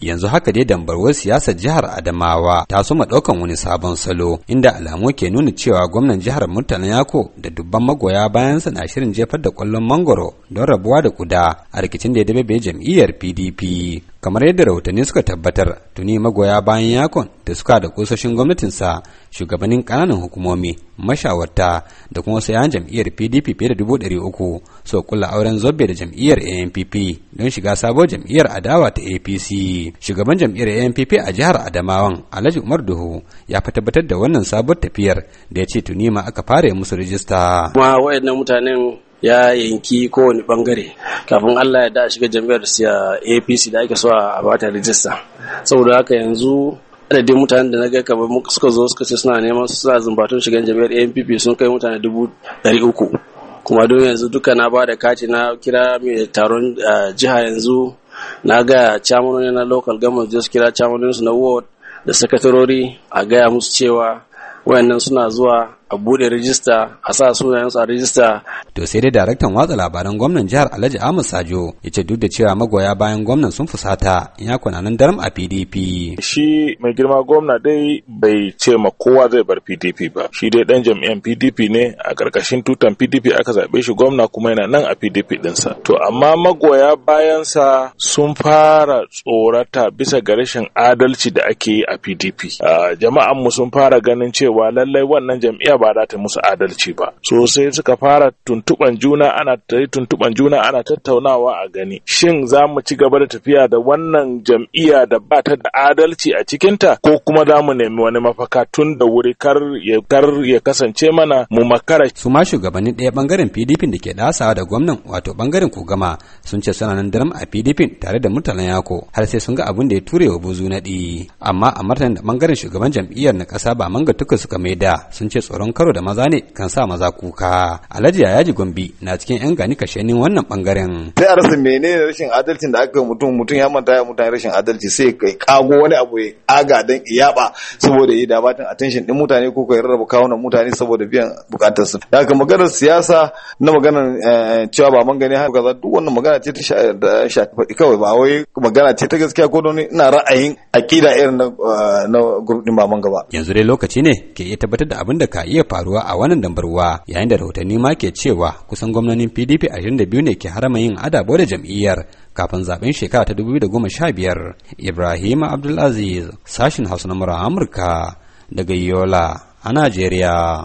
yanzu haka dai dambarwar siyasar jihar adamawa ta soma ɗaukan wani sabon salo inda alamu ke nuna cewa gwamnan jihar murtala yako da dubban magoya bayansa na shirin jefar da kwallon mangoro don rabuwa da kuda a rikicin da ya dabe jam'iyyar pdp kamar yadda rahotanni suka tabbatar tuni magoya bayan yakon da suka da kusoshin gwamnatinsa shugabannin kananan hukumomi mashawarta da kuma sayan jam'iyyar pdp fiye da dubu ɗari uku so kula auren zobe da jam'iyyar anpp don shiga sabon jam'iyyar adawa ta apc shugaban jam'iyyar anpp a jihar adamawan alhaji umar duhu ya fa tabbatar da wannan sabon tafiyar da ya ce tuni ma aka fara musu rijista. kuma waɗannan mutanen ya yanki kowane bangare kafin Allah ya da shiga jami'ar siya APC da ake so a bata rijista saboda haka yanzu adadin mutanen da na ga kamar suka zo suka ce suna neman su suna zumbatun shiga jami'ar ANPP sun kai mutane dubu ɗari uku kuma don yanzu duka na ba da kati na kira mai taron jiha yanzu na ga camanoni na local government su kira camanoni su na ward da sakatarori a gaya musu cewa wayannan suna zuwa a bude rijista a sa sunayensu a rijista. To sai dai daraktan watsa labaran gwamnan jihar Alhaji Ahmad Sajo ya ce duk da cewa magoya bayan gwamnan sun fusata ya kuna nan daram a PDP. Shi mai girma gwamna dai bai ce ma kowa zai bar PDP ba. Shi dai dan jam'iyyar PDP ne a karkashin tutan PDP aka zaɓe shi gwamna kuma yana nan a PDP ɗinsa. To amma magoya bayan sa sun fara tsorata bisa ga rashin adalci da ake yi a PDP. Jama'anmu sun fara ganin cewa lallai wannan jam'iyyar ba za ta musu adalci ba so sai suka fara tuntuban juna ana tuntuban juna ana tattaunawa a gani shin za mu ci gaba da tafiya da wannan jam'iyya da ba ta da adalci a cikinta ko kuma za mu nemi wani mafaka tun da wuri kar ya kar ya kasance mana mu makara su ma shugabannin ɗaya bangaren PDP da ke dasawa da gwamnan wato bangaren kugama sun ce suna nan daram a PDP tare da mutanen yako har sai sun ga abin da ya ture wa buzu ɗi amma a martanin da bangaren shugaban jam'iyyar na ƙasa ba manga tuka suka maida sun ce tsoron samun karo da maza ne kan sa maza kuka alhaji yaji gombe na cikin yan gani kashenin wannan bangaren sai a rasa menene rashin adalci da aka mutum mutum ya manta ya mutane rashin adalci sai kai kago wani abu ya aga dan iyaba saboda yi dabatin attention din mutane ko kai rarraba kawunan mutane saboda biyan bukatar su da maganar siyasa na maganar eh, cewa ba man gani haka za duk wannan magana ce ta shafi kawai ba wai magana ce ta gaskiya ko don ina ra'ayin akida irin na eh, na gurbin ba man gaba yanzu dai lokaci ne ke iya tabbatar da abin da ka iya iya faruwa a wannan dambarwa yayin da rahotanni ma ke cewa kusan gwamnonin PDP 22 ne ke harama yin adabo da jam'iyyar kafin zaben shekara ta 2015 Ibrahim Abdulaziz sashin Hausa na Amurka daga Yola a Najeriya